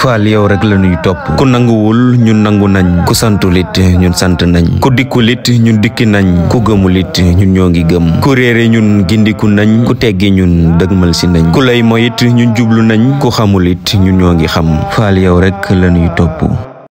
faal yow rek la ñuy topp ku nanguwul ñun nangu nañ ku santulit ñun sant nañ ku dikkulit ñun dikki nañ ku gëmulit ñun ñoo ngi gëm ku réere ñun gindiku nañ ku teggi ñun dëgmal si nañ ku lay moyit ñun jublu nañ ku xamulit ñun ñoo ngi xam faal yow rek la ñuy topp